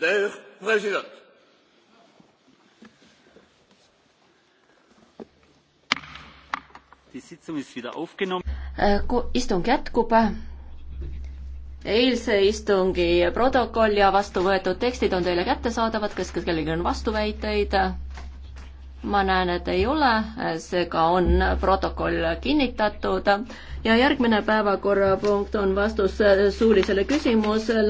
der Präsident. Äh, istung jätkub. eilse istungi protokoll ja vastu võetud tekstid on teile kättesaadavad, kas kellelgi on vastuväiteid? ma näen, et ei ole, seega on protokoll kinnitatud ja järgmine päevakorrapunkt on vastus suulisele küsimusele.